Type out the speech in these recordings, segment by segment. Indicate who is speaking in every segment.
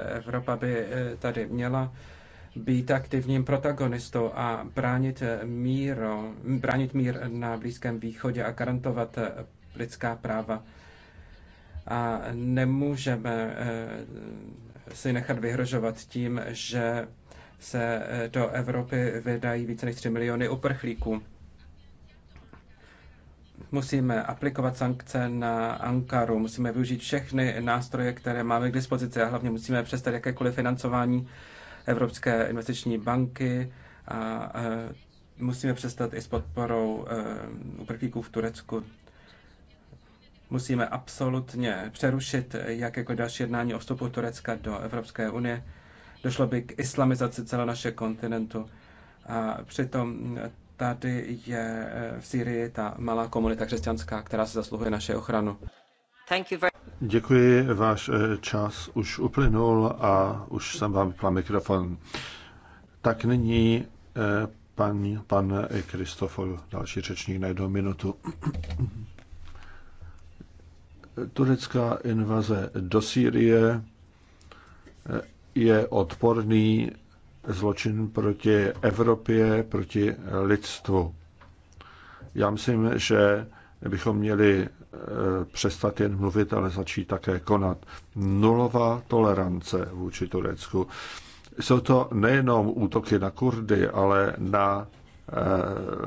Speaker 1: Evropa by eh, tady měla být aktivním protagonistou a bránit, eh, míro, bránit mír na Blízkém východě a garantovat eh, lidská práva. A nemůžeme si nechat vyhrožovat tím, že se do Evropy vydají více než 3 miliony uprchlíků. Musíme aplikovat sankce na Ankaru, musíme využít všechny nástroje, které máme k dispozici a hlavně musíme přestat jakékoliv financování Evropské investiční banky a e, musíme přestat i s podporou e, uprchlíků v Turecku. Musíme absolutně přerušit jakékoliv další jednání o vstupu Turecka do Evropské unie. Došlo by k islamizaci celého našeho kontinentu. A
Speaker 2: přitom
Speaker 1: tady je eh, v Syrii ta malá komunita křesťanská, která se zasluhuje
Speaker 2: naše ochranu. Děkuji, váš eh, čas už uplynul a už jsem vám vypla mikrofon. Tak nyní eh, pan, pan Kristofol, další řečník na jednu minutu. Turecká invaze do Sýrie je odporný zločin proti Evropě, proti lidstvu. Já myslím, že bychom měli eh, přestat jen mluvit, ale začít také konat. Nulová tolerance vůči Turecku. Jsou to nejenom útoky na Kurdy, ale na eh,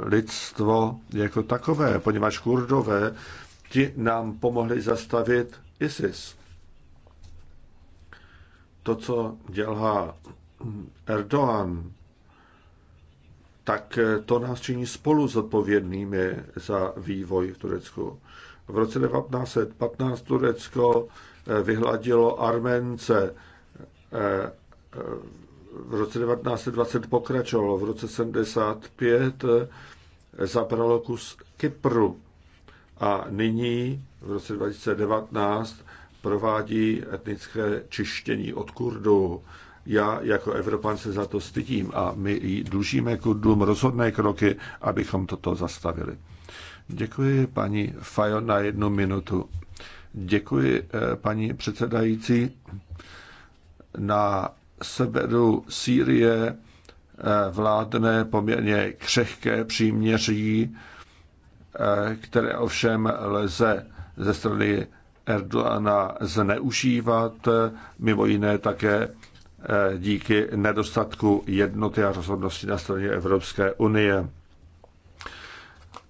Speaker 2: lidstvo jako takové, poněvadž Kurdové ti nám pomohli zastavit ISIS. To, co dělá Erdoğan, tak eh, to nás činí spolu zodpovědnými za vývoj v Turecku. V roce 1915 Turecko eh, vyhladilo Arménce, eh, v roce 1920 pokračovalo, v roce 75 zabralo kus Kypru a nyní v roce 2019 provádí etnické čištění od Kurdů. Já jako Evropan se za to stydím a my dlužíme kudům rozhodné kroky, abychom toto zastavili. Děkuji paní Fajon na jednu minutu. Děkuji eh, paní předsedající. Na severu Sýrie eh, vládne poměrně křehké příměří, eh, které ovšem lze ze strany Erdoana zneužívat, mimo jiné také Eh, díky nedostatku jednoty a rozhodnosti na straně Evropské unie.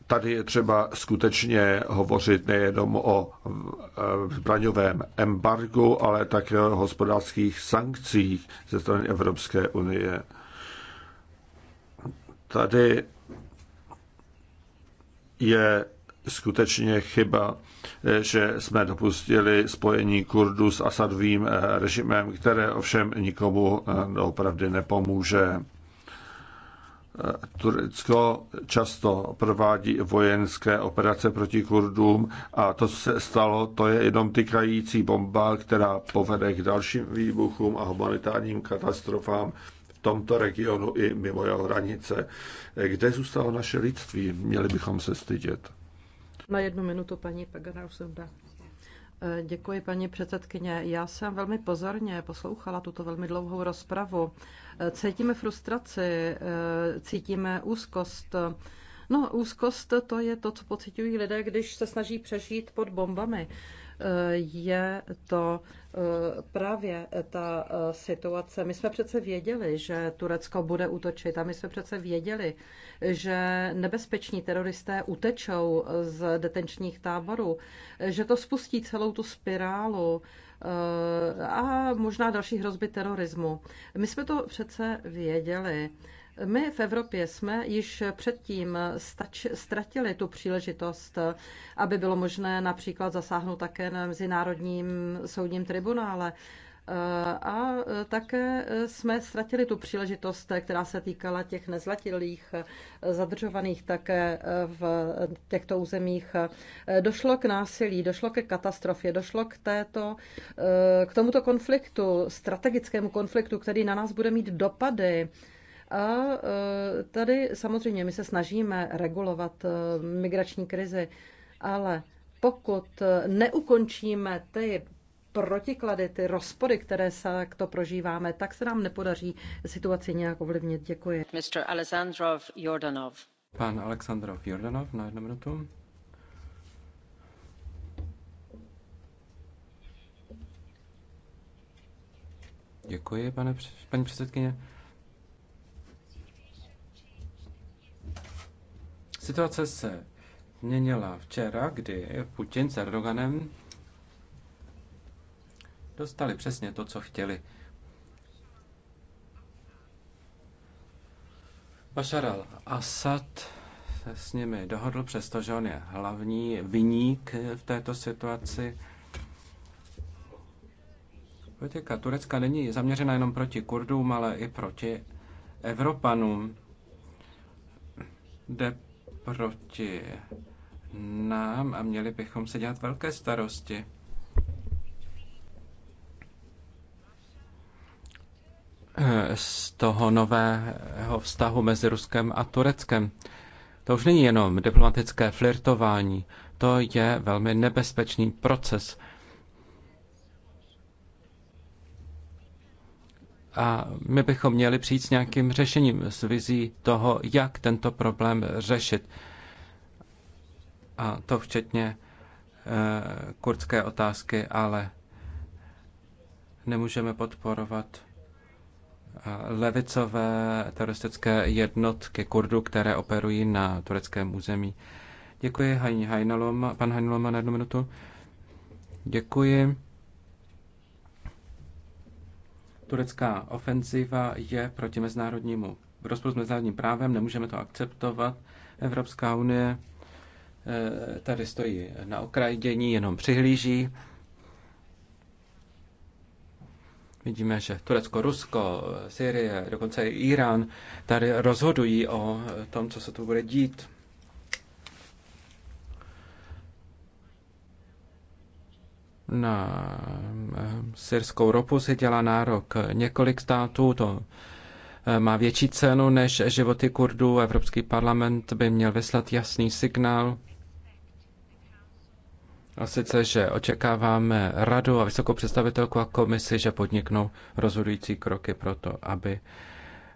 Speaker 2: Tady je třeba skutečně hovořit nejenom o eh, zbraňovém embargu, ale také o hospodářských sankcích ze strany Evropské unie. Tady je skutečně chyba, eh, že jsme dopustili spojení Kurdů s Asadovým eh, režimem, které ovšem nikomu eh, opravdu nepomůže. Turecko často provádí vojenské operace proti Kurdům a to, co se stalo, to je jenom tykající bomba, která povede k dalším výbuchům a humanitárním katastrofám v tomto regionu i mimo jeho hranice. Kde zůstalo naše lidství? Měli bychom se stydět.
Speaker 3: Na jednu minutu paní Paganausunda. Eh, děkuji, paní předsedkyně. Já jsem velmi pozorně poslouchala tuto velmi dlouhou rozpravu. Eh, cítíme frustraci, eh, cítíme úzkost. No, úzkost to je to, co pocitují lidé, když se snaží přežít pod bombami je to eh, právě ta eh, situace. My jsme přece věděli, že Turecko bude útočit a my jsme přece věděli, že nebezpeční teroristé utečou z detenčních táborů, že to spustí celou tu spirálu eh, a možná další hrozby terorismu. My jsme to přece věděli. My v Evropě jsme již předtím stač, ztratili tu příležitost, aby bylo možné například zasáhnout také na Mezinárodním soudním tribunále. A také jsme ztratili tu příležitost, která se týkala těch nezlatilých zadržovaných také v těchto územích. Došlo k násilí, došlo ke katastrofě, došlo k, této, k tomuto konfliktu, strategickému konfliktu, který na nás bude mít dopady a e, tady samozřejmě my se snažíme regulovat e, migrační krizi, ale pokud e, neukončíme ty protiklady, ty rozpory, které se k to prožíváme, tak se nám nepodaří situaci nějak ovlivnit. Děkuji. Mr. Alexandrov
Speaker 4: Jordanov.
Speaker 1: Pan Alexandrov Jordanov na jednu minutu. Děkuji, pane, paní předsedkyně. Situace se změnila včera, kdy Putin s Erdoganem dostali přesně to, co chtěli. Bashar al-Assad se s nimi dohodl, přestože on je hlavní viník v této situaci. Politika Turecka není zaměřena jenom proti Kurdům, ale i proti Evropanům. Jde proti nám a měli bychom se dělat velké starosti. z toho nového vztahu mezi Ruskem a Tureckem. To už není jenom diplomatické flirtování, to je velmi nebezpečný proces, A my bychom měli přijít s nějakým řešením, s vizí toho, jak tento problém řešit. A to včetně eh, kurdské otázky, ale nemůžeme podporovat eh, levicové teroristické jednotky Kurdů, které operují na tureckém území. Děkuji, Hajnalom. Pan Hajnalom na jednu minutu. Děkuji. Turecká ofenziva je proti mezinárodnímu, v rozporu s mezinárodním právem, nemůžeme to akceptovat. Evropská unie eh, tady stojí na okraji dění, jenom přihlíží. Vidíme, že Turecko, Rusko, Syrie, dokonce i Irán tady rozhodují o tom, co se tu bude dít. na eh, syrskou ropu si dělá nárok několik států, to eh, má větší cenu než životy Kurdů. Evropský parlament by měl vyslat jasný signál, a sice, že očekáváme radu a vysokou představitelku a komisi, že podniknou rozhodující kroky pro to, aby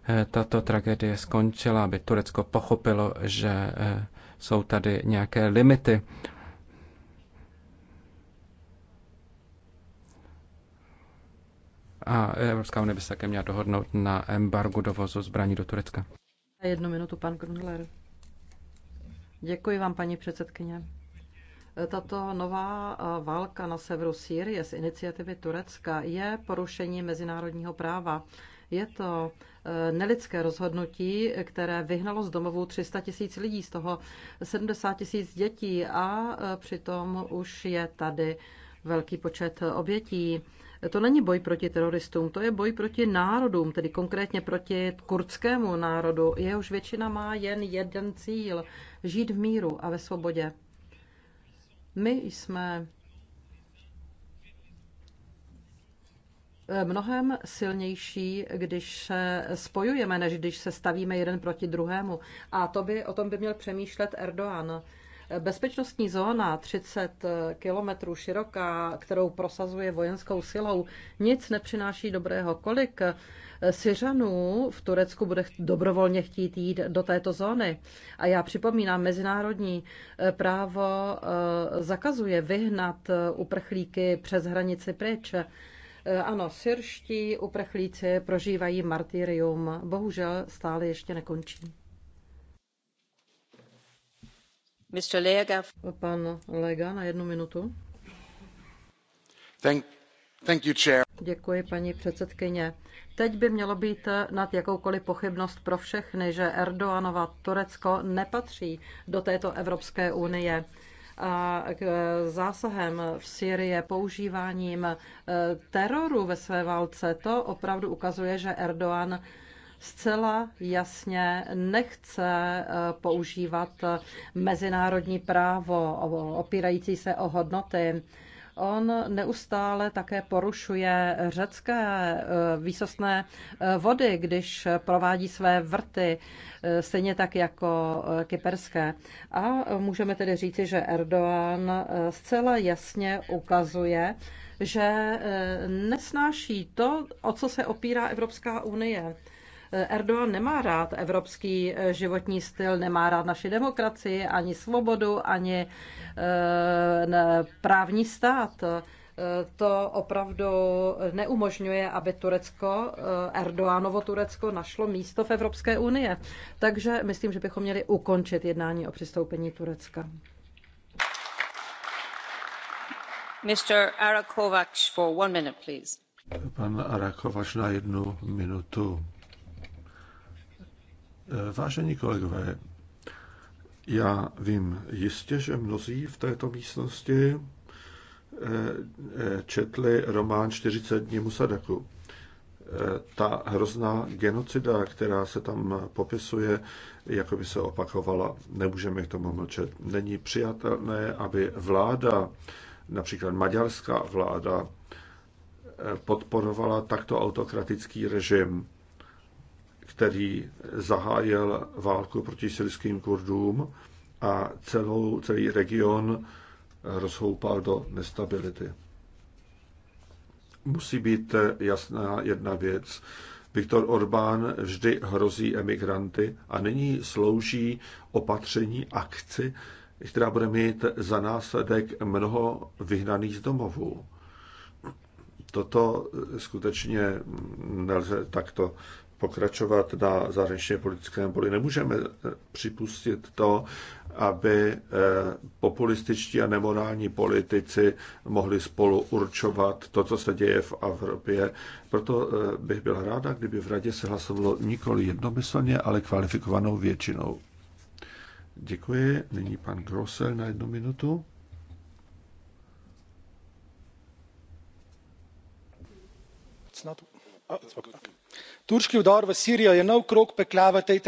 Speaker 1: eh, tato tragédie skončila, aby Turecko pochopilo, že jsou tady nějaké limity A Evropská unie by se také měla dohodnout na embargu dovozu zbraní do Turecka.
Speaker 3: Jednu minutu, pan Grundler. Děkuji vám, paní předsedkyně. Tato nová eh, válka na severu Sýrie z iniciativy Turecka je porušení mezinárodního práva. Je to eh, nelidské rozhodnutí, které vyhnalo z domovů 300 tisíc lidí, z toho 70 tisíc dětí a eh, přitom už je tady velký počet obětí. To není boj proti teroristům, to je boj proti národům, tedy konkrétně proti kurdskému národu. Jehož většina má jen jeden cíl žít v míru a ve svobodě. My jsme eh, mnohem silnější, když se spojujeme, než když se stavíme jeden proti druhému. A to by, o tom by měl přemýšlet Erdoğan. Bezpečnostní zóna 30 kilometrů široká, kterou prosazuje vojenskou silou, nic nepřináší dobrého. Kolik Syřanů v Turecku bude dobrovolně chtít jít do této zóny? A já připomínám, mezinárodní eh, právo eh, zakazuje vyhnat eh, uprchlíky přes hranici pryč. Ano, syrští uprchlíci prožívají martyrium. Bohužel stále ještě nekončí. paní předsedkyně. Teď by mělo být nad jakoukoliv pochybnost pro všechny, že erdoganovo Turecko nepatří do této Evropské unie a zásahem v sýrii používáním eh, teroru ve své válce, to opravdu ukazuje, že Erdogan zcela jasně nechce eh, používat eh, mezinárodní právo opírající se o hodnoty. On neustále také porušuje řecké eh, výsostné vody, když provádí své vrty, stejně tak jako kyperské. A můžeme tedy říci, že Erdoğan zcela jasně ukazuje, že nesnáší to, o co se opírá Evropská unie. Erdogan nemá rád evropský eh, životní styl, nemá rád naši demokracii, ani svobodu, ani eh, právní stát eh, to opravdu neumožňuje, aby Turecko, Erdoánovo Turecko, našlo místo v Evropské unie. Takže myslím, že bychom měli ukončit jednání o přistoupení Turecka.
Speaker 5: Mr. Arakovac for one minute, please.
Speaker 2: Pan Arakovač na jednu minutu. Vážení kolegové, já vím jistě, že mnozí v této místnosti eh, eh, četli román 40 dní Musadaku. Eh, ta hrozná genocida, která se tam popisuje, jako by se opakovala, nemůžeme k tomu mlčet. Není přijatelné, aby vláda, například maďarská vláda, podporovala takto autokratický režim který zahájil válku proti syrským kurdům a celou, celý region rozhoupal do nestability. Musí být jasná jedna věc. Viktor Orbán vždy hrozí emigranty a nyní slouží opatření akci, která bude mít za následek mnoho vyhnaných z domovů. Toto skutečně nelze takto pokračovat na zahraničně politickém poli. Nemůžeme eh, připustit to, aby eh, populističtí a nemorální politici mohli spolu určovat to, co se děje v Evropě. Proto eh, bych byla ráda, kdyby v radě se hlasovalo nikoli jednomyslně, ale kvalifikovanou většinou. Děkuji. Nyní pan Grosel na jednu minutu. It's not... oh,
Speaker 1: okay. Turški udar v Sýrii je nov krok pekla tej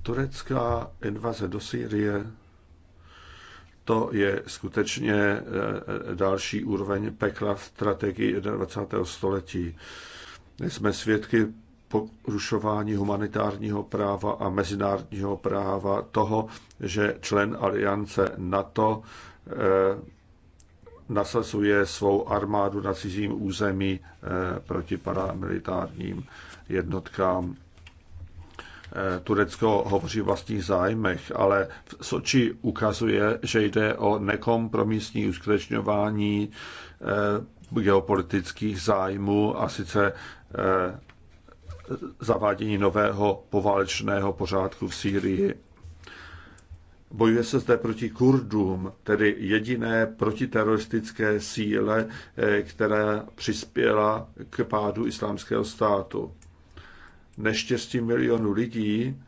Speaker 2: Turecká invaze do Sýrie, to je skutečně e, e, další úroveň pekla v strategii 21. století. Jsme svědky porušování humanitárního práva a mezinárodního práva, toho, že člen aliance NATO e, nasazuje svou armádu na cizím území proti paramilitárním Jednotka eh, Turecko hovoří o vlastních zájmech, ale v Soči ukazuje, že jde o nekompromisní uskutečňování eh, geopolitických zájmů a sice eh, zavádění nového poválečného pořádku v Sýrii. Bojuje se zde proti Kurdům, tedy jediné protiteroristické síle, která přispěla k pádu islámského státu neštěstí milionů lidí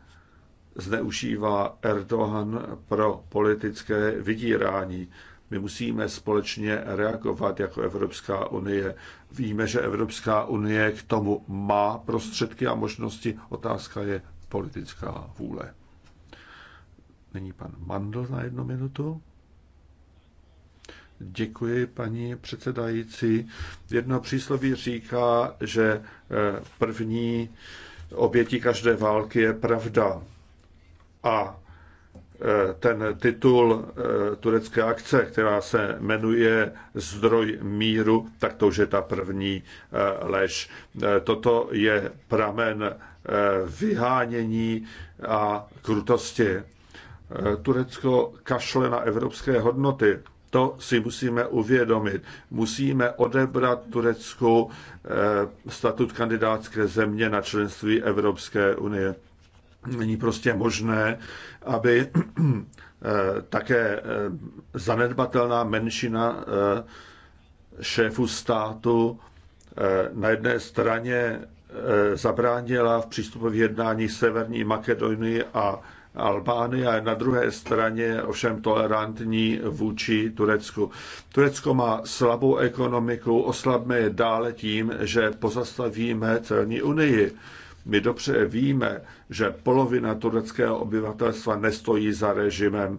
Speaker 2: zneužívá Erdogan pro politické vydírání. My musíme společně reagovat jako Evropská unie. Víme, že Evropská unie k tomu má prostředky a možnosti. Otázka je politická vůle. Není pan Mandl na jednu minutu. Děkuji, paní předsedající. Jedno přísloví říká, že eh, první obětí každé války je pravda. A e, ten titul e, turecké akce, která se jmenuje Zdroj míru, tak to už je ta první e, lež. Toto je pramen vyhánění a krutosti. Turecko kašle na evropské hodnoty. To si musíme uvědomit. Musíme odebrat Turecku eh, statut kandidátské země na členství Evropské unie. Není prostě možné, aby eh, také eh, zanedbatelná menšina šéfů státu na jedné straně zabránila v přístupových jednání Severní Makedonii a Albánie a na druhé straně ovšem tolerantní vůči Turecku. Turecko má slabou ekonomiku, oslabme je dále tím, že pozastavíme celní unii. My dobře víme, že polovina tureckého obyvatelstva nestojí za režimem,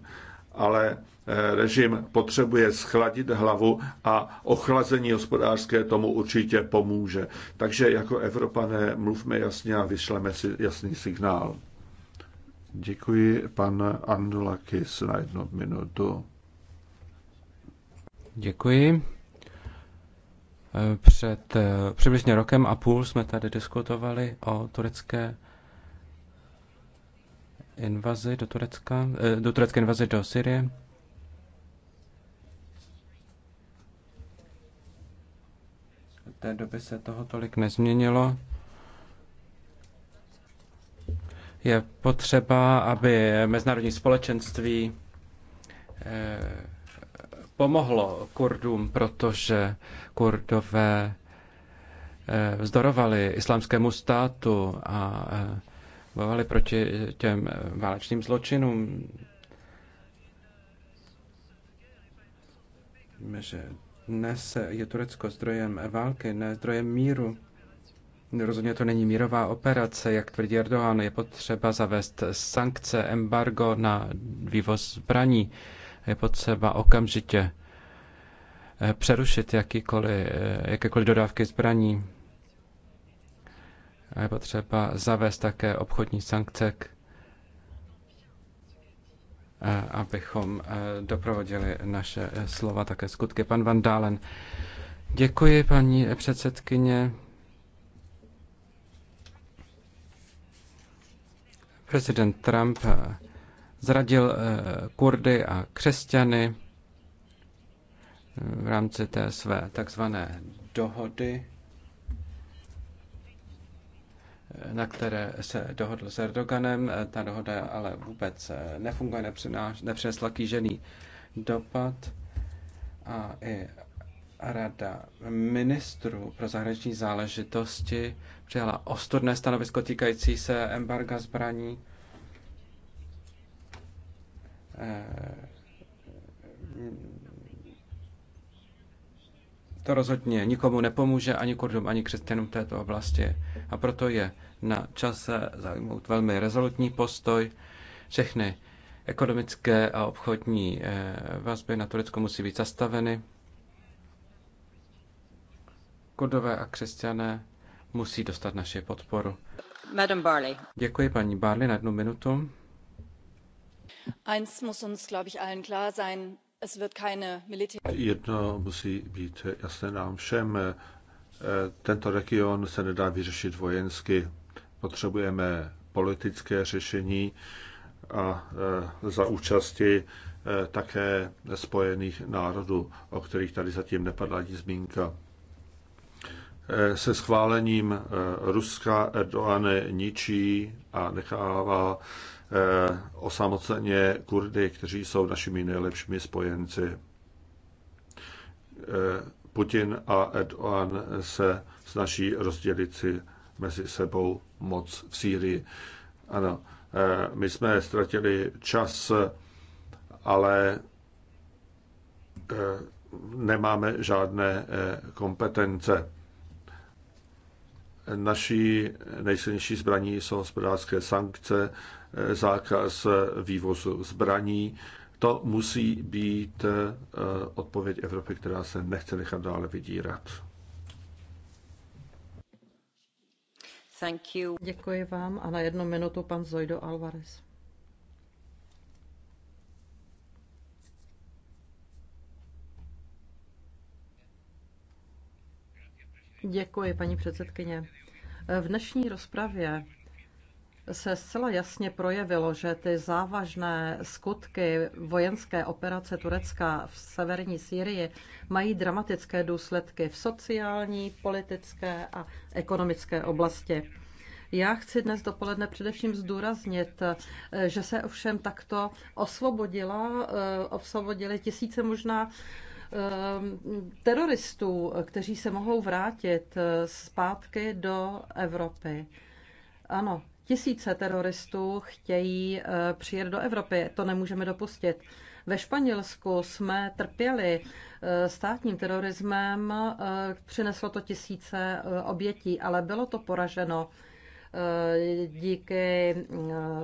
Speaker 2: ale eh, režim potřebuje schladit hlavu a ochlazení hospodářské tomu určitě pomůže. Takže jako Evropané mluvme jasně a vyšleme si jasný signál. Děkuji pan Andulakis na jednu minutu.
Speaker 1: Děkuji. Eh, před eh, přibližně rokem a půl jsme tady diskutovali o turecké invazi do Turecka, eh, do turecké invazi do Syrie. té doby se toho tolik nezměnilo. Je potřeba, aby mezinárodní společenství eh, pomohlo Kurdům, protože Kurdové eh, vzdorovali islámskému státu a eh, bojovali proti těm válečným zločinům. že dnes je Turecko zdrojem války, ne zdrojem míru. Rozhodně to není mírová operace, jak tvrdí Erdogan. Je potřeba zavést sankce, embargo na vývoz zbraní. Je potřeba okamžitě eh, přerušit jakýkoliv, eh, jakékoliv dodávky zbraní. A je potřeba zavést také obchodní sankce, eh, abychom doprovodili naše slova také skutky. Pan Van Dálen. Děkuji, paní předsedkyně. prezident Trump eh, zradil eh, Kurdy a křesťany eh, v rámci té své takzvané dohody, na které se dohodl s Erdoganem. Ta dohoda ale vůbec nefunguje, nepřinesla kýžený dopad a i Rada ministrů pro zahraniční záležitosti přijala ostudné stanovisko týkající se embarga zbraní. Eh, to rozhodně nikomu nepomůže, ani Kurdům, ani křesťanům této oblasti. A proto je na čase zajmout velmi rezolutní postoj. Všechny ekonomické a obchodní eh, vazby na Turecko musí být zastaveny. Kurdové a křesťané musí dostat naši podporu.
Speaker 6: Madam Barley.
Speaker 1: Děkuji paní Barley na jednu minutu.
Speaker 6: Eins muss uns, glaube ich, allen klar sein. Es wird keine Militär...
Speaker 2: Jedno musí být jasné nám všem. Eh, tento region se nedá vyřešit vojensky. Potřebujeme politické řešení a eh, za účasti eh, také spojených národů, o kterých tady zatím nepadla ani zmínka. Eh, se schválením eh, Ruska Erdoane ničí a nechává eh, osamoceně Kurdy, kteří jsou našimi nejlepšími spojenci. Putin a Erdogan se snaží rozdělit si mezi sebou moc v Sýrii. Ano, my jsme ztratili čas, ale nemáme žádné kompetence. Naší nejsilnější zbraní jsou hospodářské sankce, zákaz vývozu zbraní. To musí být eh, odpověď Evropy, která se nechce nechat dále vydírat.
Speaker 3: Thank you. Děkuji vám a na jednu minutu pan Zojdo Alvarez. Děkuji, paní předsedkyně. V dnešní rozpravě se zcela jasně projevilo, že ty závažné skutky vojenské operace Turecka v severní Sýrii mají dramatické důsledky v sociální, politické a ekonomické oblasti. Já chci dnes dopoledne především zdůraznit, že se ovšem takto osvobodila, eh, osvobodili tisíce možná Eh, teroristů, kteří se mohou vrátit eh, zpátky do Evropy. Ano, tisíce teroristů chtějí eh, přijet do Evropy. To nemůžeme dopustit. Ve Španělsku jsme trpěli státním terorismem, přineslo to tisíce obětí, ale bylo to poraženo díky eh,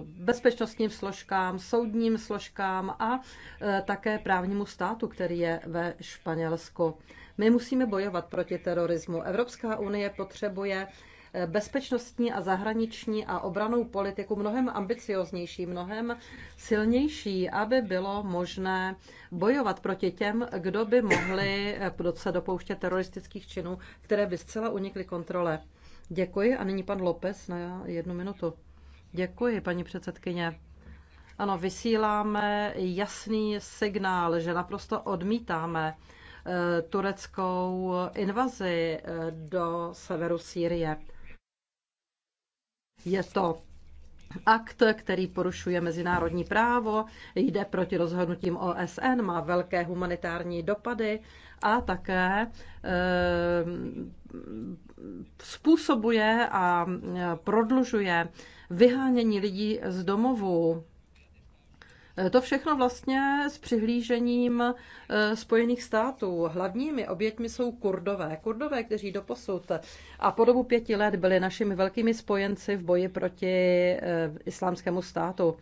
Speaker 3: bezpečnostním složkám, soudním složkám a eh, také právnímu státu, který je ve Španělsku. My musíme bojovat proti terorismu. Evropská unie potřebuje eh, bezpečnostní a zahraniční a obranou politiku mnohem ambicioznější, mnohem silnější, aby bylo možné bojovat proti těm, kdo by mohli se dopouštět teroristických činů, které by zcela unikly kontrole. Děkuji a nyní pan Lopes na jednu minutu. Děkuji, paní předsedkyně. Ano, vysíláme jasný signál, že naprosto odmítáme eh, tureckou invazi eh, do severu Sýrie. Je to akt, který porušuje mezinárodní právo, jde proti rozhodnutím OSN, má velké humanitární dopady a také eh, způsobuje a eh, prodlužuje vyhánění lidí z domovů. Eh, to všechno vlastně s přihlížením Spojených států. Hlavními oběťmi jsou kurdové. Kurdové, kteří doposud a po dobu pěti let byli našimi velkými spojenci v boji proti islámskému státu.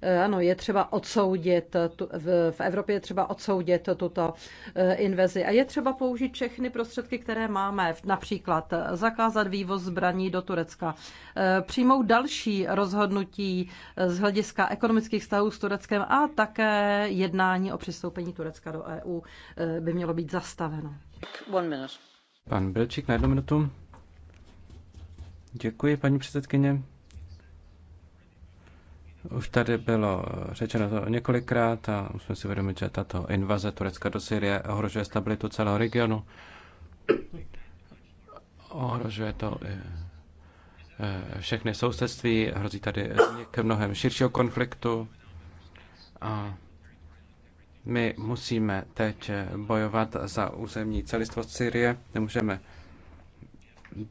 Speaker 3: Eh, ano, je třeba odsoudit, v Evropě je třeba odsoudit tuto eh, invezi a je třeba použít všechny prostředky, které máme, například zakázat vývoz zbraní do Turecka, eh, přijmout další rozhodnutí z hlediska ekonomických vztahů s Tureckem a také jednání o přistoupení Turecka do EU by mělo být zastaveno. One minute.
Speaker 1: Pan Belčík na jednu minutu. Děkuji, paní předsedkyně. Už tady bylo řečeno to několikrát a musíme si uvědomit, že tato invaze Turecka do Syrie ohrožuje stabilitu celého regionu. Ohrožuje to i eh, všechny sousedství, hrozí tady k mnohem širšího konfliktu a my musíme teď bojovat za územní celistvost Syrie. Nemůžeme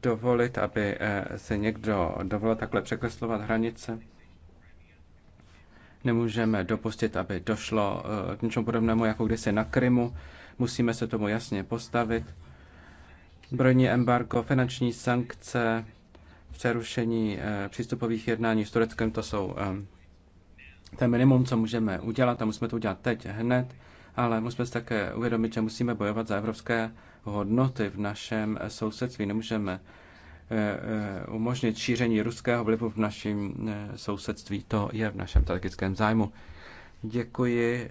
Speaker 1: dovolit, aby eh, se někdo dovolil takhle překreslovat hranice. Nemůžeme dopustit, aby došlo eh, k něčemu podobnému jako kdysi na Krymu. Musíme se tomu jasně postavit. Brojní embargo, finanční sankce, přerušení eh, přístupových jednání s Tureckem, to jsou eh, to minimum, co můžeme udělat a musíme to udělat teď hned, ale musíme si také uvědomit, že musíme bojovat za evropské hodnoty v našem sousedství. Nemůžeme Eh, eh, umožnit šíření ruského vlivu v našem eh, sousedství. To je v našem strategickém zájmu. Děkuji.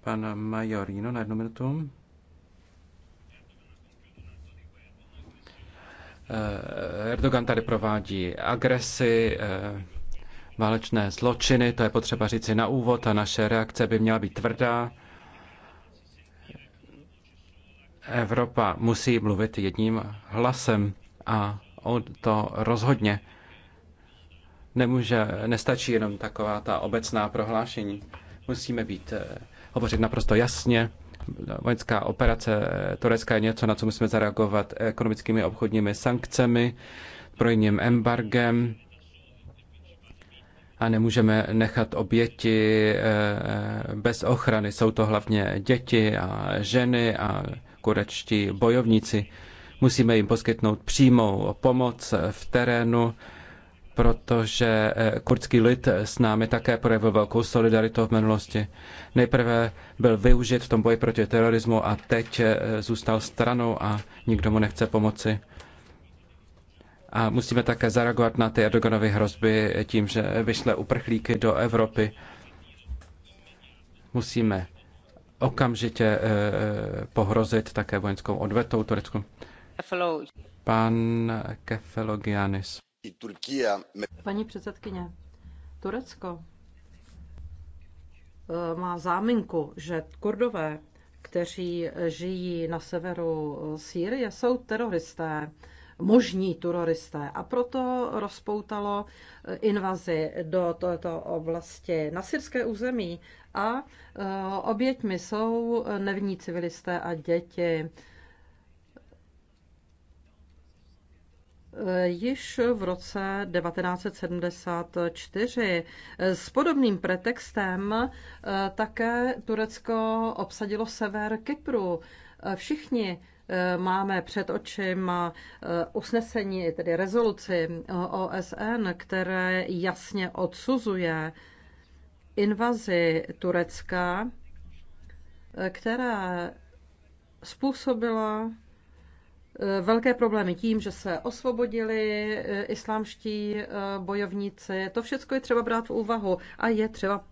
Speaker 1: pana Majorino na jednu minutu. Erdogan tady provádí agresi, válečné zločiny, to je potřeba říci na úvod a naše reakce by měla být tvrdá. Evropa musí mluvit jedním hlasem a to rozhodně nemůže, nestačí jenom taková ta obecná prohlášení. Musíme být, eh, hovořit naprosto jasně. Vojenská operace Turecka je něco, na co musíme zareagovat ekonomickými obchodními sankcemi, projením embargem a nemůžeme nechat oběti eh, bez ochrany. Jsou to hlavně děti a ženy a kurečtí bojovníci. Musíme jim poskytnout přímou pomoc v terénu, protože eh, kurdský lid s námi také projevil velkou solidaritu v minulosti. Nejprve byl využit v tom boji proti terorismu a teď eh, zůstal stranou a nikdo mu nechce pomoci. A musíme také zareagovat na ty Erdoganovy hrozby tím, že vyšle uprchlíky do Evropy. Musíme okamžitě eh, pohrozit také vojenskou odvetou Turecku. Pan Kefalogianis.
Speaker 3: Paní předsedkyně, Turecko eh, má záminku, že kurdové, kteří žijí na severu eh, Sýrie, jsou teroristé, možní teroristé. A proto rozpoutalo eh, invazi do této oblasti na syrské území a oběťmi jsou nevní civilisté a děti. již v roce 1974. S podobným pretextem eh, také Turecko obsadilo sever Kypru. Eh, všichni eh, máme před očima usnesení, tedy rezoluci OSN, které jasně odsuzuje invazi Turecka, která způsobila Eh, velké problémy tím, že se osvobodili eh, islámští eh, bojovníci. To všechno je třeba brát v úvahu a je třeba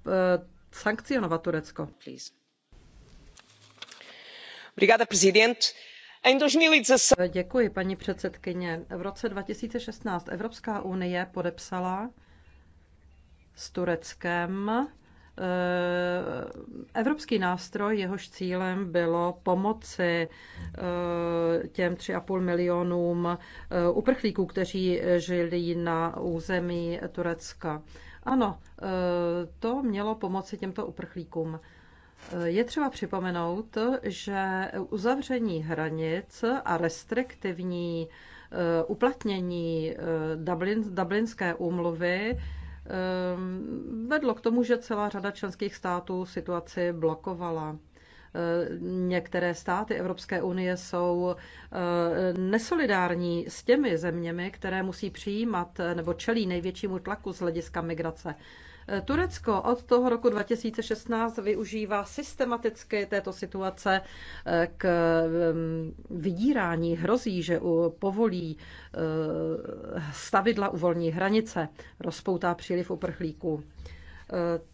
Speaker 3: sankcionovat Turecko. Brigada prezident. E děkuji, paní předsedkyně. V roce 2016 Evropská unie podepsala s Tureckem Eh, evropský nástroj, jehož cílem bylo pomoci eh, těm 3,5 milionům eh, uprchlíků, kteří žili na území Turecka. Ano, to mělo pomoci těmto uprchlíkům. Je třeba připomenout, že uzavření hranic a restriktivní uplatnění Dublin, Dublinské úmluvy Ehm, vedlo k tomu, že celá řada členských států situaci blokovala. Ehm, některé státy Evropské unie jsou ehm, nesolidární s těmi zeměmi, které musí přijímat nebo čelí největšímu tlaku z hlediska migrace. Turecko od toho roku 2016 využívá systematicky této situace eh, k mm, vydírání. Hrozí, že povolí eh, stavidla uvolní hranice, rozpoutá příliv uprchlíků. Eh,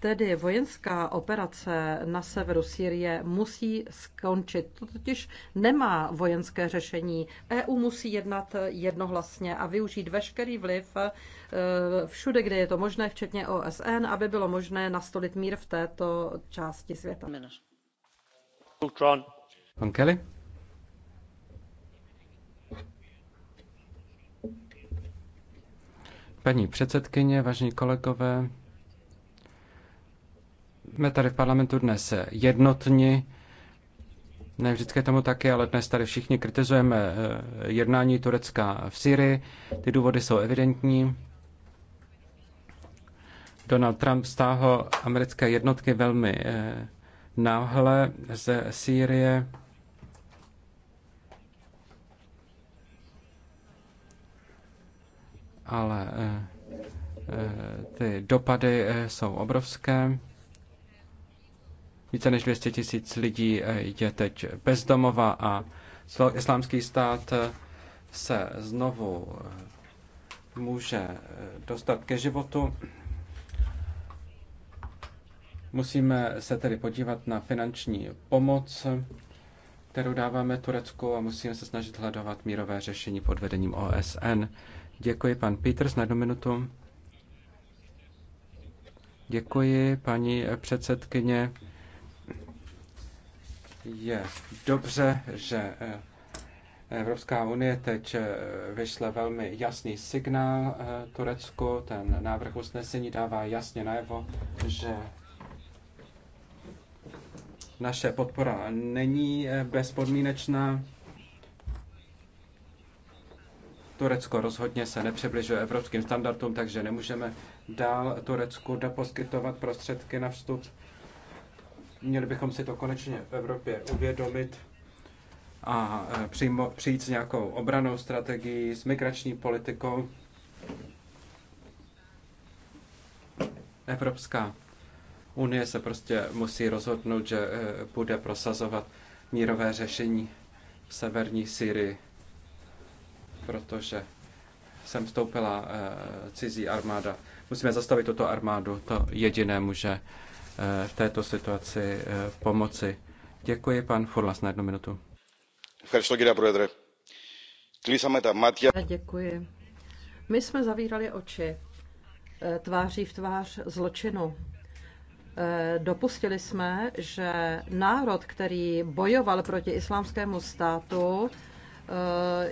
Speaker 3: Tedy vojenská operace na severu Sýrie musí skončit. To totiž nemá vojenské řešení. EU musí jednat jednohlasně a využít veškerý vliv e, všude, kde je to možné, včetně OSN, aby bylo možné nastolit mír v této části světa.
Speaker 1: Pan Kelly? Paní předsedkyně, vážení kolegové, jsme tady v parlamentu dnes jednotní. ne vždycky tomu taky, ale dnes tady všichni kritizujeme eh, jednání Turecka v Syrii. Ty důvody jsou evidentní. Donald Trump stáhl americké jednotky velmi eh, náhle ze Sýrie. Ale eh, ty dopady jsou obrovské. Více než 200 tisíc lidí eh, je teď bezdomova a islámský stát eh, se znovu eh, může dostat ke životu. Musíme se tedy podívat na finanční pomoc, kterou dáváme Turecku a musíme se snažit hledovat mírové řešení pod vedením OSN. Děkuji pan Peters na jednu minutu. Děkuji paní předsedkyně. Je dobře, že eh, Evropská unie teď eh, vyšle velmi jasný signál eh, Turecku. Ten návrh usnesení dává jasně najevo, že naše podpora není bezpodmínečná. Turecko rozhodně se nepřibližuje evropským standardům, takže nemůžeme dál Turecku doposkytovat prostředky na vstup Měli bychom si to konečně v Evropě uvědomit a e, přijmo, přijít s nějakou obranou strategií, s migrační politikou. Evropská unie se prostě musí rozhodnout, že e, bude prosazovat mírové řešení v severní Syrii, protože sem vstoupila e, cizí armáda. Musíme zastavit tuto armádu, to jediné může v eh, této situaci eh, pomoci. Děkuji, pan Furlas, na jednu minutu.
Speaker 3: Děkuji. My jsme zavírali oči eh, tváří v tvář zločinu. Dopustili jsme, že národ, který bojoval proti islámskému státu, Eh,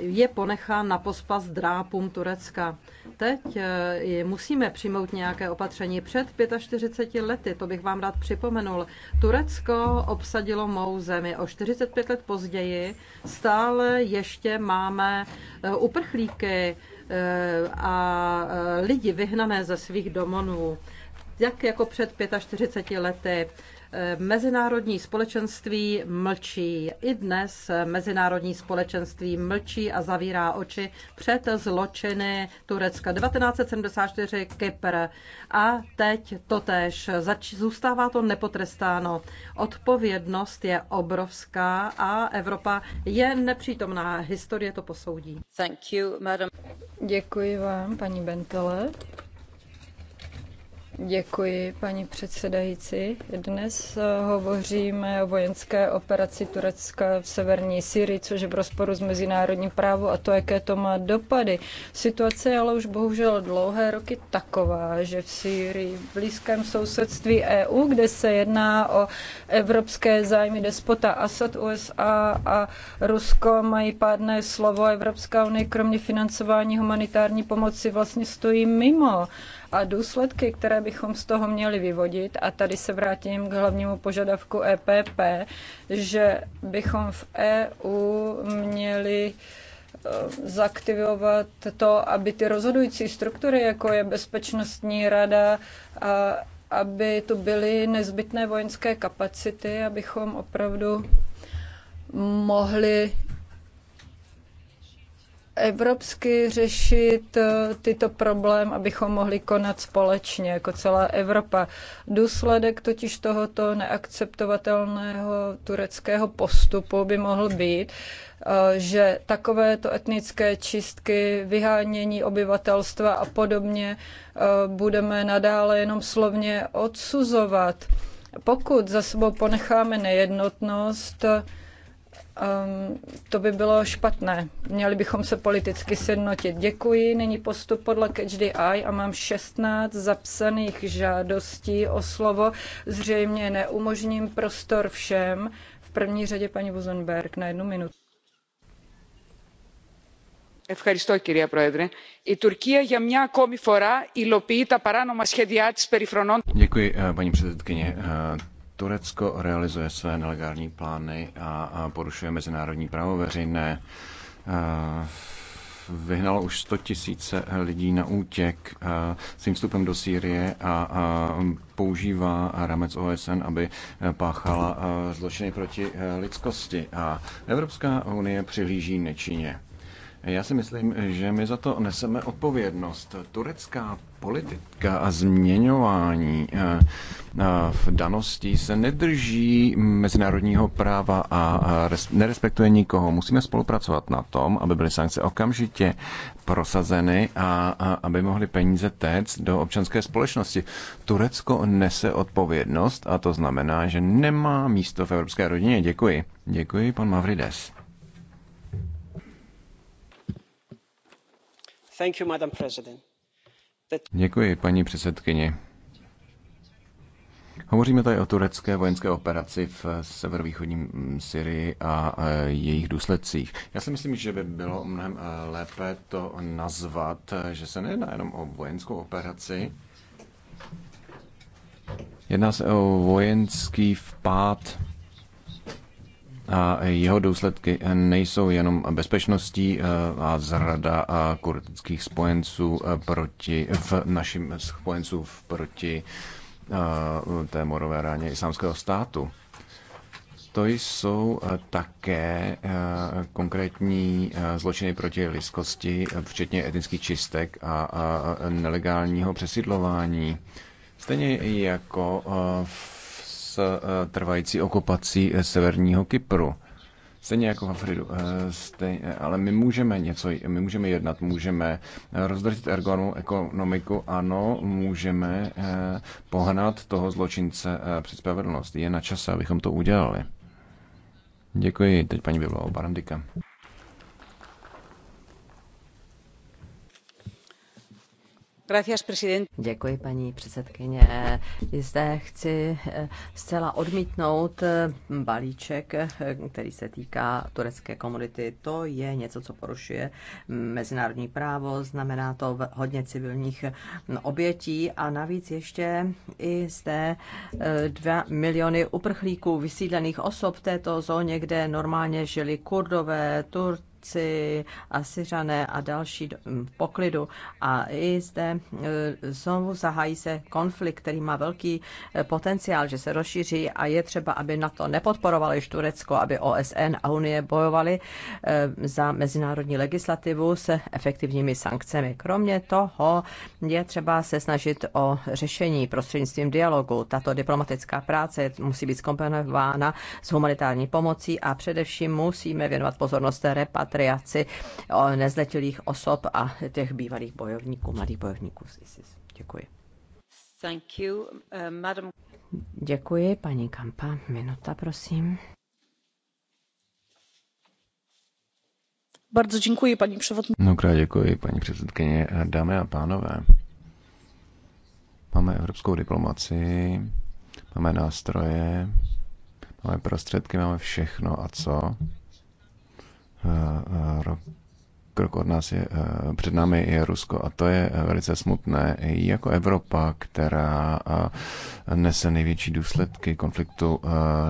Speaker 3: je ponechán na pospas drápům Turecka. Teď eh, musíme přijmout nějaké opatření. Před 45 lety, to bych vám rád připomenul, Turecko obsadilo mou zemi. O 45 let později stále ještě máme eh, uprchlíky a lidi vyhnané ze svých domovů jak jako před 45 lety. Mezinárodní společenství mlčí. I dnes mezinárodní společenství mlčí a zavírá oči před zločiny Turecka 1974 Kypr. A teď totéž. Zač- zůstává to nepotrestáno. Odpovědnost je obrovská a Evropa je nepřítomná. Historie to posoudí. Thank you, madam.
Speaker 6: Děkuji vám, paní Bentele.
Speaker 3: Děkuji,
Speaker 6: paní předsedající. Dnes eh, hovoříme o vojenské operaci Turecka v severní Syrii, což je v rozporu s mezinárodním právem a to, jaké to má dopady. Situace je ale už bohužel dlouhé roky taková, že v Syrii, v blízkém sousedství EU, kde se jedná o evropské zájmy despota Asad, USA a Rusko, mají pádné slovo. Evropská unie kromě financování humanitární pomoci vlastně stojí mimo a důsledky, které bychom z toho měli vyvodit, a tady se vrátím k hlavnímu požadavku EPP, že bychom v EU měli eh, zaktivovat to, aby ty rozhodující struktury, jako je Bezpečnostní rada, a aby tu byly nezbytné vojenské kapacity, abychom opravdu mohli evropsky řešit eh, tyto problém, abychom mohli konat společně jako celá Evropa. Důsledek totiž tohoto neakceptovatelného tureckého postupu by mohl být, eh, že takovéto etnické čistky, vyhánění obyvatelstva a podobně eh, budeme nadále jenom slovně odsuzovat. Pokud za sebou ponecháme nejednotnost, um, to by bylo špatné. Měli bychom se politicky sjednotit. Děkuji, není postup podle Catch the Eye a mám 16 zapsaných žádostí o slovo. Zřejmě neumožním prostor všem. V první řadě paní Vozenberg na jednu minutu. Ευχαριστώ κυρία Πρόεδρε. Η Τουρκία για μια ακόμη φορά υλοποιεί τα παράνομα σχέδιά της περιφρονών.
Speaker 4: Děkuji, eh, paní předsedkyně. Eh, Turecko realizuje své nelegální plány a porušuje mezinárodní právo veřejné. Vyhnalo už 100 tisíce lidí na útěk tím vstupem do Sýrie a používá ramec OSN, aby páchala zločiny proti e, lidskosti. A Evropská unie přihlíží nečině. Já si myslím, že my za to neseme odpovědnost. Turecká politika a změňování eh, eh, v danosti se nedrží mezinárodního práva a nerespektuje nikoho. Musíme spolupracovat na tom, aby byly sankce okamžitě prosazeny a aby mohly peníze téct do občanské společnosti. Turecko nese odpovědnost a to znamená, že nemá místo v evropské rodině. Děkuji. Děkuji, pan Mavrides. Děkuji, paní předsedkyně. Hovoříme tady o turecké vojenské operaci v severovýchodním Syrii a e, jejich důsledcích. Já si myslím, že by bylo mnohem e, lépe to nazvat, e, že se nejedná jenom o vojenskou operaci. Jedná se o vojenský vpád a jeho důsledky nejsou jenom bezpečností eh, a zrada kurdských spojenců eh, proti, v našim spojenců proti eh, té morové ráně islámského státu. To jsou také konkrétní zločiny proti lidskosti, včetně etnických čistek a nelegálního přesidlování. Stejně jako v Eh, trvající okupací eh, severního Kypru. Stejně jako v Afridu. Eh, Stejně, ale my můžeme něco, my můžeme jednat, můžeme rozdrtit ergonu ekonomiku, ano, můžeme pohnat toho zločince před spravedlnost. Je na čase, abychom to udělali. Děkuji, teď paní Bilbao Barandika.
Speaker 5: Děkuji, paní předsedkyně. Zde chci eh, zcela odmítnout eh, balíček, eh, který se týká turecké komunity. To je něco, co porušuje mm, mezinárodní právo, znamená to hodně civilních mm, obětí a navíc ještě i zde dva miliony uprchlíků, vysídlených osob v této zóně, kde normálně žili kurdové, turci, Turci, Asiřané a další v poklidu. A i zde e, znovu zahájí se konflikt, který má velký e, potenciál, že se rozšíří a je třeba, aby na to nepodporovali již Turecko, aby OSN a Unie bojovali e, za mezinárodní legislativu s efektivními sankcemi. Kromě toho je třeba se snažit o řešení prostřednictvím dialogu. Tato diplomatická práce musí být zkombinována s humanitární pomocí a především musíme věnovat pozornost repat repatriaci nezletilých osob a těch bývalých bojovníků, mladých bojovníků z ISIS. Děkuji.
Speaker 6: Thank you, uh,
Speaker 3: madam...
Speaker 5: Děkuji, paní Kampa. Minuta, prosím.
Speaker 3: Bardzo děkuji, pani przewodnicząca.
Speaker 4: No krát děkuji, paní předsedkyně. Dámy a pánové, máme evropskou diplomaci, máme nástroje, máme prostředky, máme všechno a co? Eh, eh, krok od nás je, eh, před námi je Rusko a to je velice smutné. I jako Evropa, která nese největší důsledky konfliktu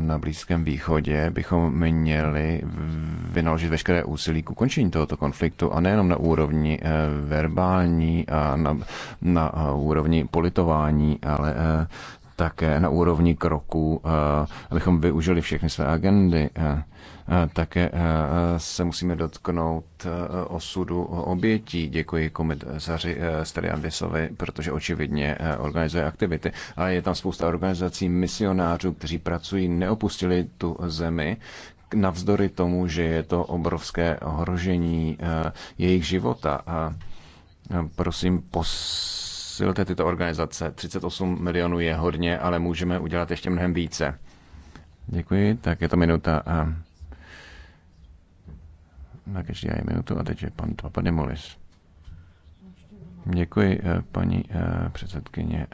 Speaker 4: na Blízkém východě, bychom měli vynaložit veškeré úsilí k ukončení tohoto konfliktu a nejenom na úrovni verbální a na, na úrovni politování, ale také na úrovni kroků, eh, abychom využili všechny své agendy. Eh, eh, také se musíme dotknout osudu obětí. Děkuji komisaři Steriandisovi, protože očividně organizuje aktivity. A je tam spousta organizací misionářů, kteří pracují, neopustili tu zemi, navzdory tomu, že je to obrovské ohrožení jejich života. A prosím, pos posilte tyto organizace. 38 milionů je hodně, ale můžeme udělat ještě mnohem více. Děkuji, tak je to minuta a na každý je minutu a teď je pan Papademolis. Děkuji, eh, paní eh, předsedkyně.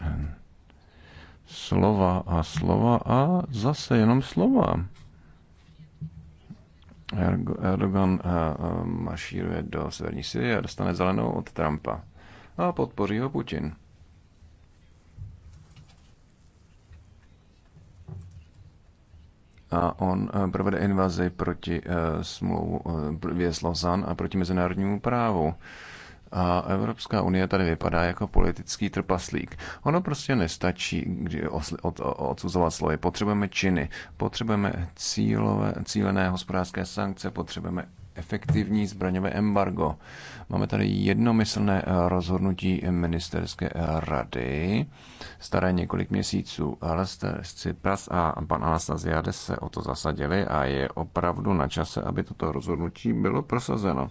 Speaker 4: Slova a slova a zase jenom slova. Erdogan eh, mašíruje do severní Syrie a dostane zelenou od Trumpa a podpoří ho Putin. a on eh, provede invazi proti eh, smlouvu eh, Věslozan a proti mezinárodnímu právu. A Evropská unie tady vypadá jako politický trpaslík. Ono prostě nestačí kdy odsuzovat slovy. Potřebujeme činy, potřebujeme cílové, cílené hospodářské sankce, potřebujeme efektivní zbraňové embargo. Máme tady jednomyslné eh, rozhodnutí ministerské eh, rady, staré několik měsíců. Alastair Cipras a pan Anastasiades se o to zasadili a je opravdu na čase, aby toto rozhodnutí bylo prosazeno.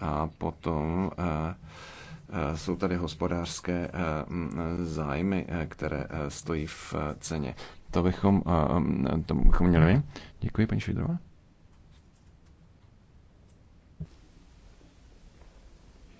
Speaker 4: A potom eh, jsou tady hospodářské zájmy, které stojí v ceně. To bychom, to bychom měli. Děkuji, paní Švidrová.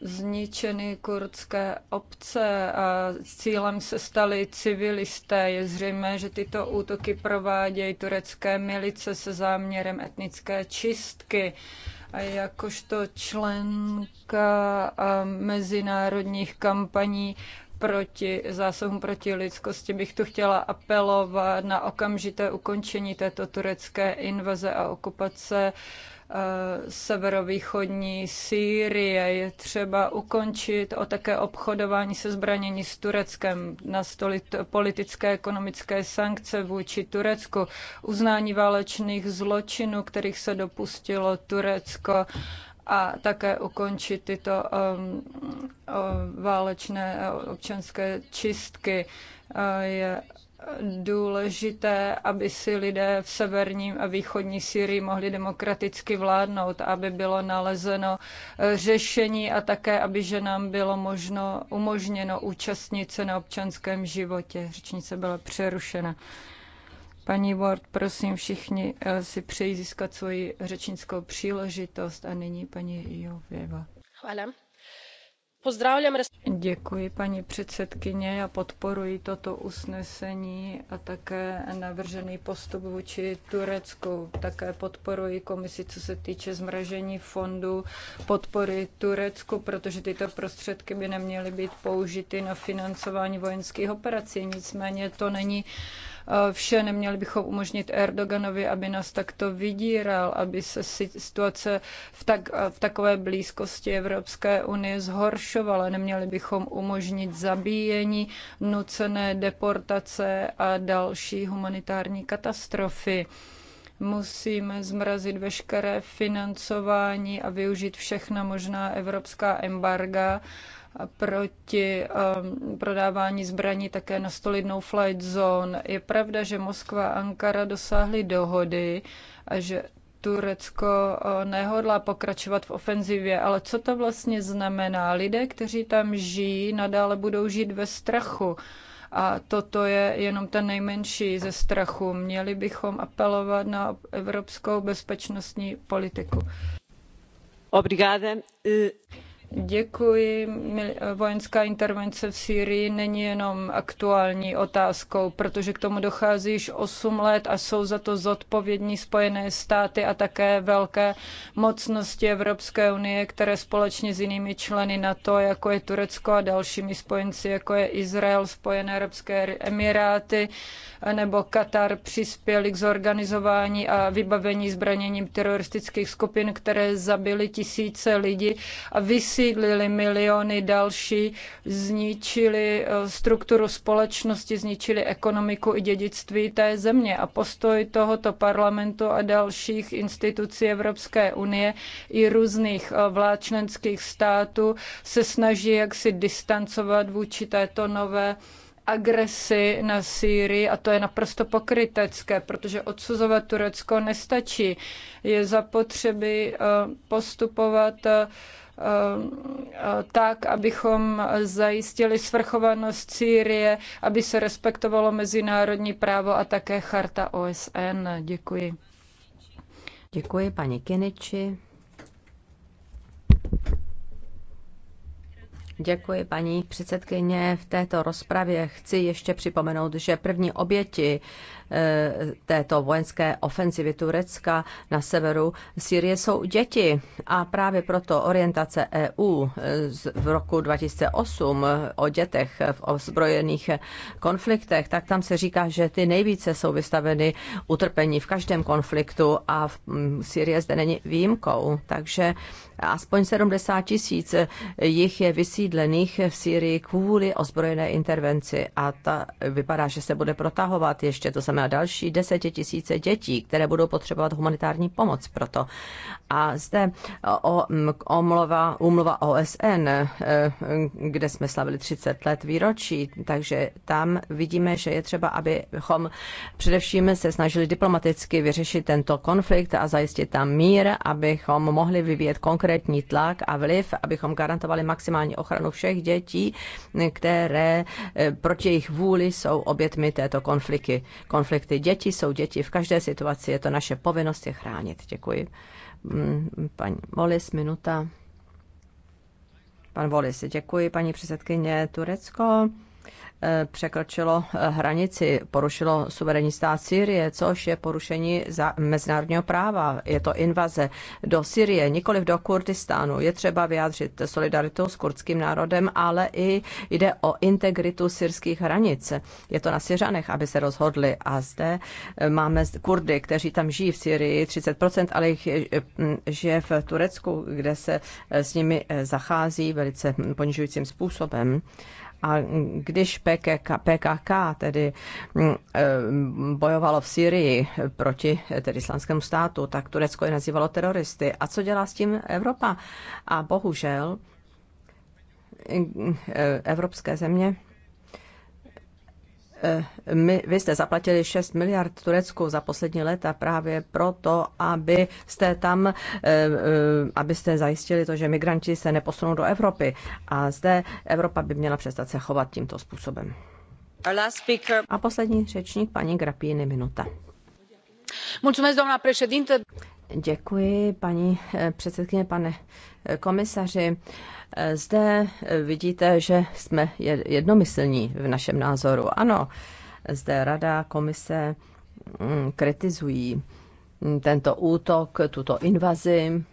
Speaker 6: zničeny kurdské obce a cílem se stali civilisté. Je zřejmé, že tyto útoky provádějí turecké milice se záměrem etnické čistky. A jakožto členka mezinárodních kampaní proti zásahům proti lidskosti bych tu chtěla apelovat na okamžité ukončení této turecké invaze a okupace eh, severovýchodní Sýrie. Je třeba ukončit o také obchodování se zbranění s Tureckem, nastolit politické ekonomické sankce vůči Turecku, uznání válečných zločinů, kterých se dopustilo Turecko a také ukončit tyto um, válečné občanské čistky. E, je důležité, aby si lidé v severním a východní Syrii mohli demokraticky vládnout, aby bylo nalezeno e, řešení a také, aby ženám bylo možno, umožněno účastnit se na občanském životě. Řečnice byla přerušena. Paní Ward, prosím, všichni eh, si přeji získat svoji řečnickou příležitost a nyní paní Jověva.
Speaker 7: Chvala. Pozdravujem.
Speaker 6: Děkuji, paní předsedkyně. Já podporuji toto usnesení a také navržený postup vůči Turecku. Také podporuji komisi, co se týče zmražení fondu podpory Turecku, protože tyto prostředky by neměly být použity na financování vojenských operací. Nicméně to není uh, vše. Neměli bychom umožnit Erdoganovi, aby nás takto vydíral, aby se situace v, tak, v takové blízkosti Evropské unie zhoršovala. Neměli bychom umožnit zabíjení, nucené deportace a další humanitární katastrofy musíme zmrazit veškeré financování a využít všechna možná evropská embarga proti um, prodávání zbraní také na stolidnou flight zone. Je pravda, že Moskva a Ankara dosáhly dohody a že Turecko uh, nehodlá pokračovat v ofenzivě, ale co to vlastně znamená? Lidé, kteří tam žijí, nadále budou žít ve strachu. A toto je jenom ten nejmenší ze strachu. Měli bychom apelovat na evropskou bezpečnostní politiku. Obrigada. Eh, Děkuji. Vojenská intervence v Sýrii není jenom aktuální otázkou, protože k tomu dochází již 8 let a jsou za to zodpovědní Spojené státy a také velké mocnosti Evropské unie, které společně s jinými členy NATO, jako je Turecko a dalšími spojenci, jako je Izrael, Spojené arabské emiráty nebo Katar, přispěli k zorganizování a vybavení zbraněním teroristických skupin, které zabily tisíce lidí a vysílají osídlili miliony další, zničili eh, strukturu společnosti, zničili ekonomiku i dědictví té země. A postoj tohoto parlamentu a dalších institucí Evropské unie i různých eh, vlád členských států se snaží jaksi distancovat vůči této nové agresi na Sýrii a to je naprosto pokrytecké, protože odsuzovat Turecko nestačí. Je zapotřebí eh, postupovat Eh, tak, abychom zajistili svrchovanost Sýrie, aby se respektovalo mezinárodní právo a také charta OSN. Děkuji.
Speaker 5: Děkuji paní Kiniči. Děkuji, paní předsedkyně. V této rozpravě chci ještě připomenout, že první oběti Eh, této vojenské ofenzivy Turecka na severu Syrie jsou děti. A právě proto orientace EU eh, v roku 2008 eh, o dětech v ozbrojených konfliktech, tak tam se říká, že ty nejvíce jsou vystaveny utrpení v každém konfliktu a v mm, Syrie zde není výjimkou. Takže aspoň 70 tisíc jich je vysídlených v Syrii kvůli ozbrojené intervenci a ta vypadá, že se bude protahovat ještě, to znamená a další desetitisíce dětí, které budou potřebovat humanitární pomoc proto. A zde o, omlova, umluva OSN, eh, kde jsme slavili 30 let výročí, takže tam vidíme, že je třeba, abychom především se snažili diplomaticky vyřešit tento konflikt a zajistit tam mír, abychom mohli vyvíjet konkrétní tlak a vliv, abychom garantovali maximální ochranu všech dětí, které eh, proti jejich vůli jsou obětmi této konflikty. Konflikt konflikty. Děti jsou děti v každé situaci, je to naše povinnost je chránit. Děkuji. Mm, paní Volis, minuta. Pan Volis, děkuji, paní předsedkyně. Turecko Eh, překročilo eh, hranici, porušilo suverénní stát Sýrie, což je porušení mezinárodního práva. Je to invaze do Syrie, nikoliv do Kurdistánu. Je třeba vyjádřit solidaritu s kurdským národem, ale i jde o integritu syrských hranic. Je to na Syřanech, aby se rozhodli. A zde eh, máme Kurdy, kteří tam žijí v Syrii, 30%, ale jich žije v Turecku, kde se s nimi zachází velice hm, ponižujícím způsobem. A když PKK, PKK tedy mm, eh, bojovalo v Syrii proti eh, tedy islamskému státu, tak Turecko je nazývalo teroristy. A co dělá s tím Evropa? A bohužel eh, evropské země Eh, my, vy jste zaplatili 6 miliard Turecku za poslední léta právě proto, aby jste tam, eh, eh, abyste zajistili to, že migranti se neposunou do Evropy. A zde Evropa by měla přestat se chovat tímto způsobem. A poslední řečník, paní Grapíny, minuta doamna președintă. Děkuji, paní eh, předsedkyně, pane eh, komisaři. Eh, zde vidíte, že jsme jednomyslní v našem názoru. Ano, zde rada, komise mm, kritizují tento útok, tuto invazi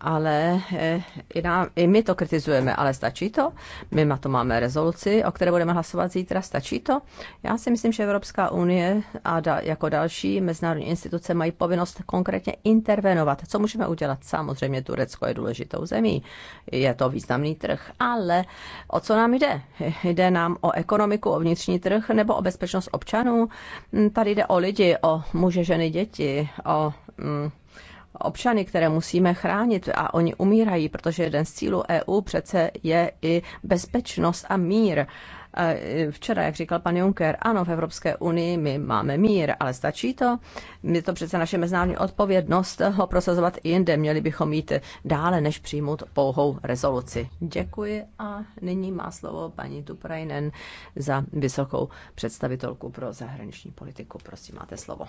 Speaker 5: ale eh, i, nám, i my to kritizujeme, ale stačí to? My na to máme rezoluci, o které budeme hlasovat zítra, stačí to? Já si myslím, že Evropská unie a da, jako další mezinárodní instituce mají povinnost konkrétně intervenovat. Co můžeme udělat? Samozřejmě Turecko je důležitou zemí, je to významný trh, ale o co nám jde? Jde nám o ekonomiku, o vnitřní trh nebo o bezpečnost občanů? Tady jde o lidi, o muže, ženy, děti, o... Mm, občany, které musíme chránit a oni umírají, protože jeden z cílů EU přece je i bezpečnost a mír. E, včera, jak říkal pan Juncker, ano, v Evropské unii my máme mír, ale stačí to? Je to přece naše mezinárodní odpovědnost ho prosazovat i jinde. Měli bychom jít dále, než přijmout pouhou rezoluci. Děkuji a nyní má slovo paní Tuprajnen za vysokou představitelku pro zahraniční politiku. Prosím, máte slovo.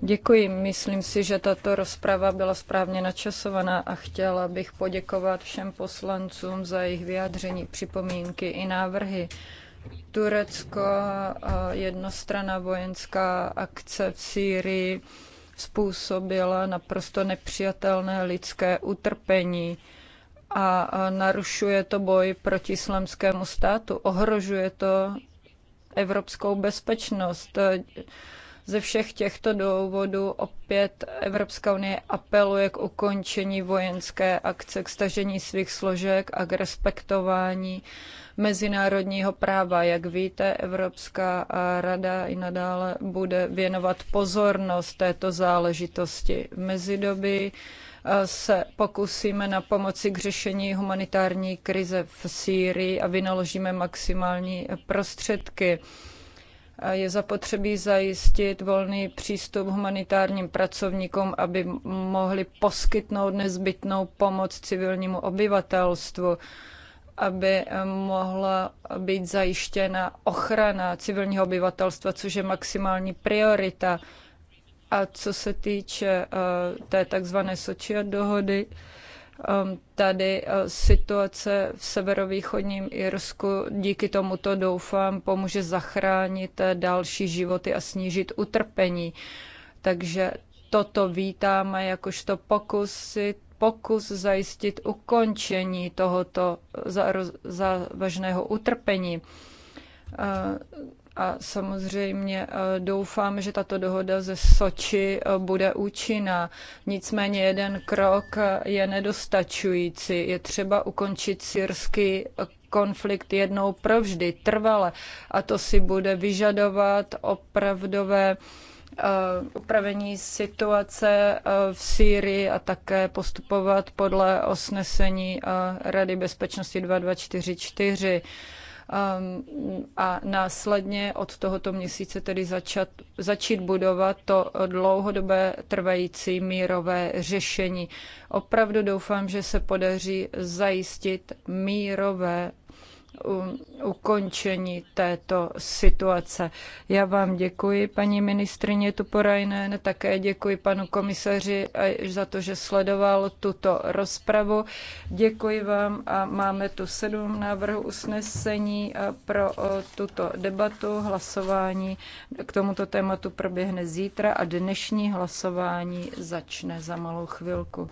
Speaker 6: Děkuji. Myslím si, že tato rozprava byla správně načasovaná a chtěla bych poděkovat všem poslancům za jejich vyjádření, připomínky i návrhy. Turecko a jednostranná vojenská akce v Sýrii způsobila naprosto nepřijatelné lidské utrpení a narušuje to boj proti islámskému státu, ohrožuje to evropskou bezpečnost. Ze všech těchto důvodů opět Evropská unie apeluje k ukončení vojenské akce, k stažení svých složek a k respektování mezinárodního práva. Jak víte, Evropská rada i nadále bude věnovat pozornost této záležitosti. V mezidobí se pokusíme na pomoci k řešení humanitární krize v Sýrii a vynaložíme maximální prostředky. Je zapotřebí zajistit volný přístup humanitárním pracovníkům, aby mohli poskytnout nezbytnou pomoc civilnímu obyvatelstvu aby mohla být zajištěna ochrana civilního obyvatelstva, což je maximální priorita. A co se týče eh, té takzvané Sočia dohody, ehm, tady eh, situace v severovýchodním Irsku díky tomuto doufám pomůže zachránit eh, další životy a snížit utrpení. Takže toto vítáme jakožto pokusy, pokus zajistit ukončení tohoto závažného utrpení a samozřejmě eh, doufám, že tato dohoda ze Soči eh, bude účinná. Nicméně jeden krok eh, je nedostačující. Je třeba ukončit syrský konflikt jednou provždy, trvale. A to si bude vyžadovat opravdové upravení situace v Sýrii a také postupovat podle osnesení Rady bezpečnosti 2244. Ehm, a následně od tohoto měsíce tedy začat, začít budovat to dlouhodobé trvající mírové řešení. Opravdu doufám, že se podaří zajistit mírové ukončení této situace. Já vám děkuji, paní ministrině Tuporajnen, také děkuji panu komisaři za to, že sledoval tuto rozpravu. Děkuji vám a máme tu sedm návrhů usnesení pro tuto debatu. Hlasování k tomuto tématu proběhne zítra a dnešní hlasování začne za malou chvilku.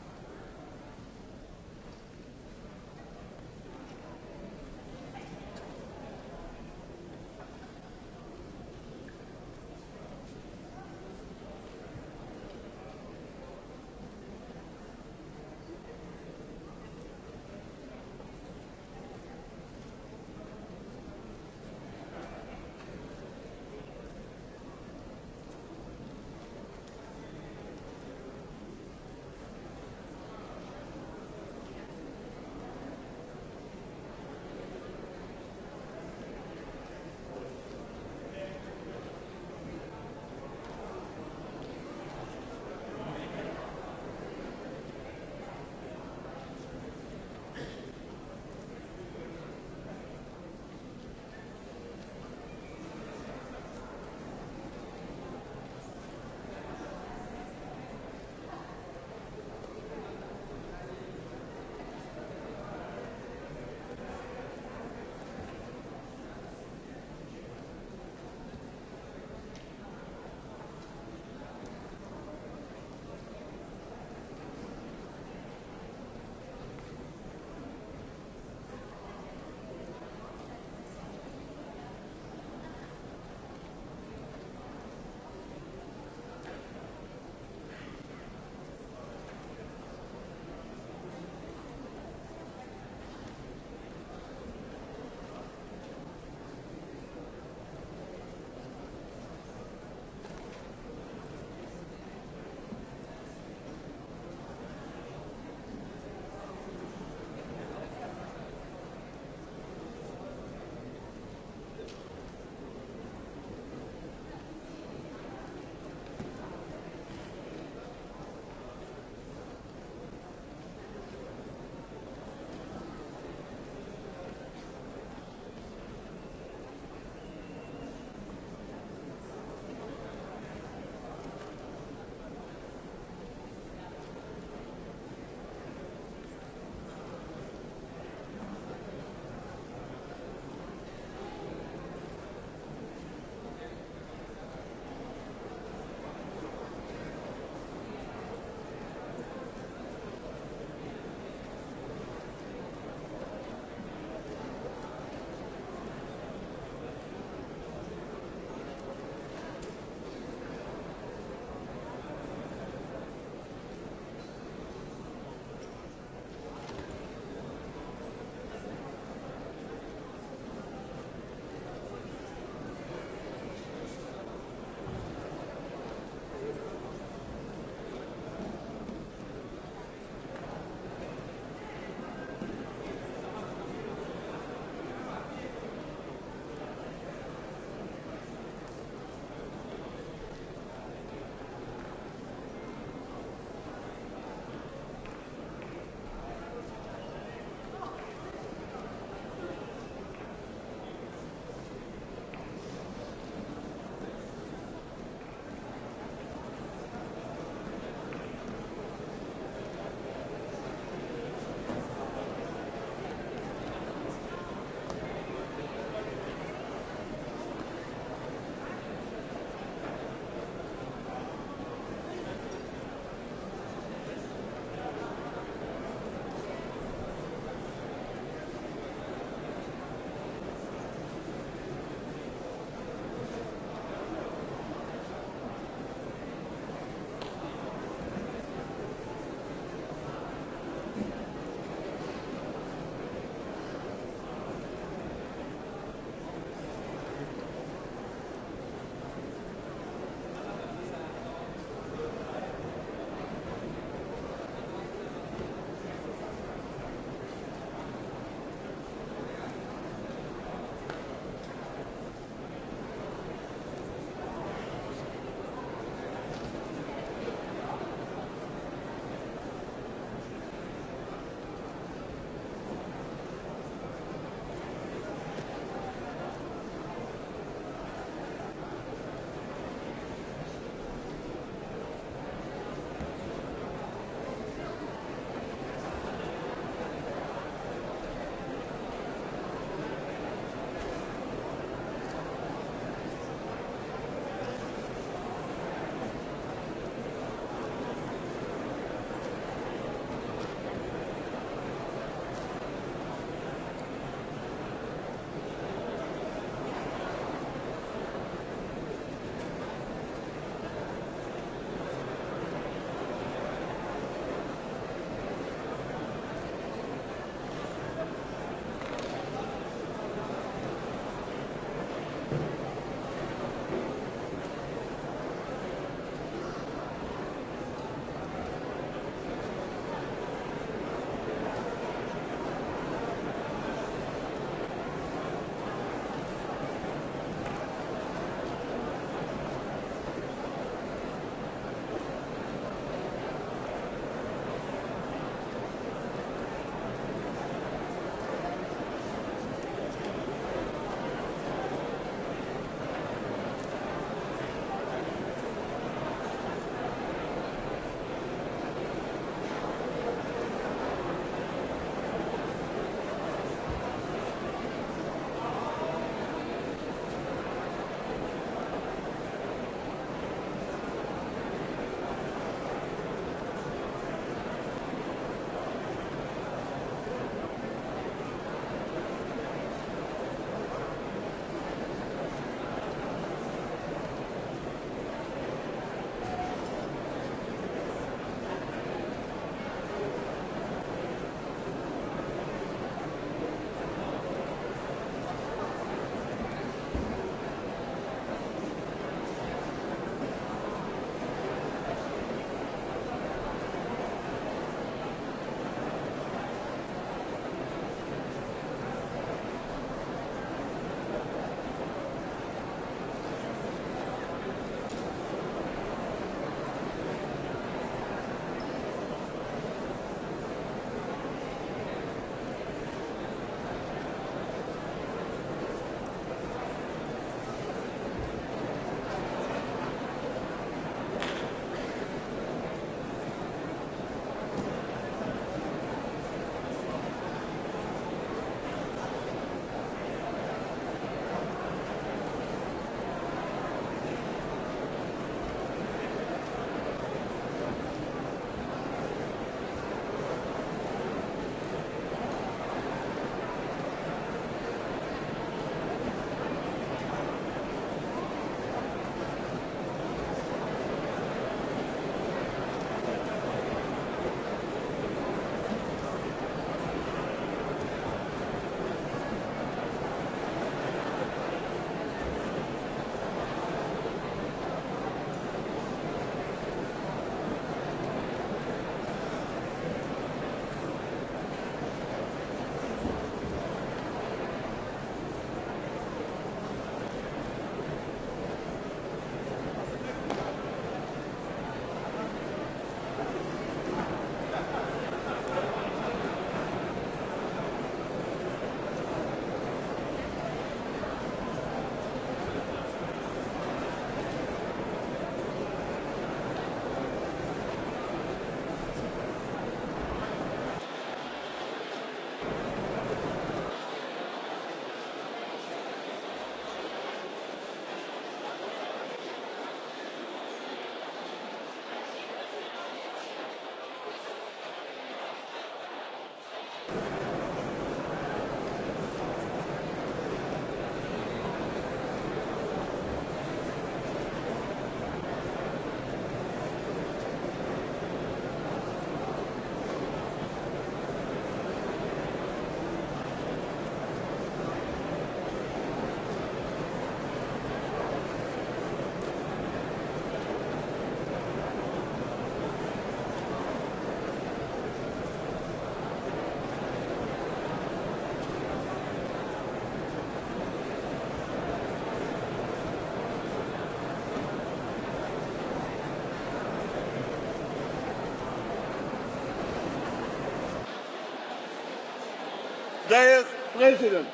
Speaker 2: Herr Präsident!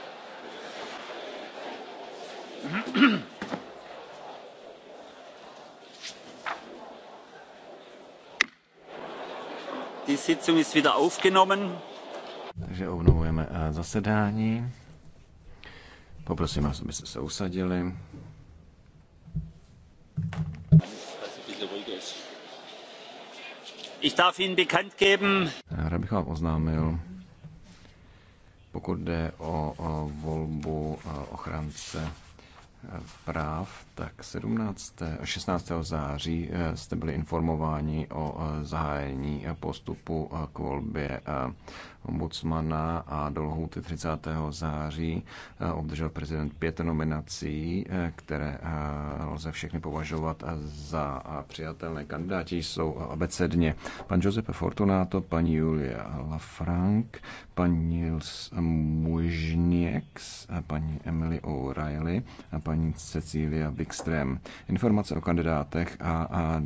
Speaker 2: Die Sitzung ist wieder aufgenommen.
Speaker 4: Takže obnovujeme eh, zasedání. Poprosím vás, abyste se usadili.
Speaker 7: Ich darf Ihnen bekannt geben.
Speaker 4: Eh, rád bych vám oznámil, pokud jde o volbu ochránce práv, tak 17. 16. září eh, jste byli informováni o eh, zahájení postupu eh, k volbě ombudsmana a do lhůty 30. září obdržel prezident pět nominací, které lze všechny považovat za přijatelné. Kandidáti jsou abecedně pan Giuseppe Fortunato, paní Julia Lafranc, paní Nils Mužněks, paní Emily O'Reilly a paní paní Cecília Wikström. Informace o kandidátech a, a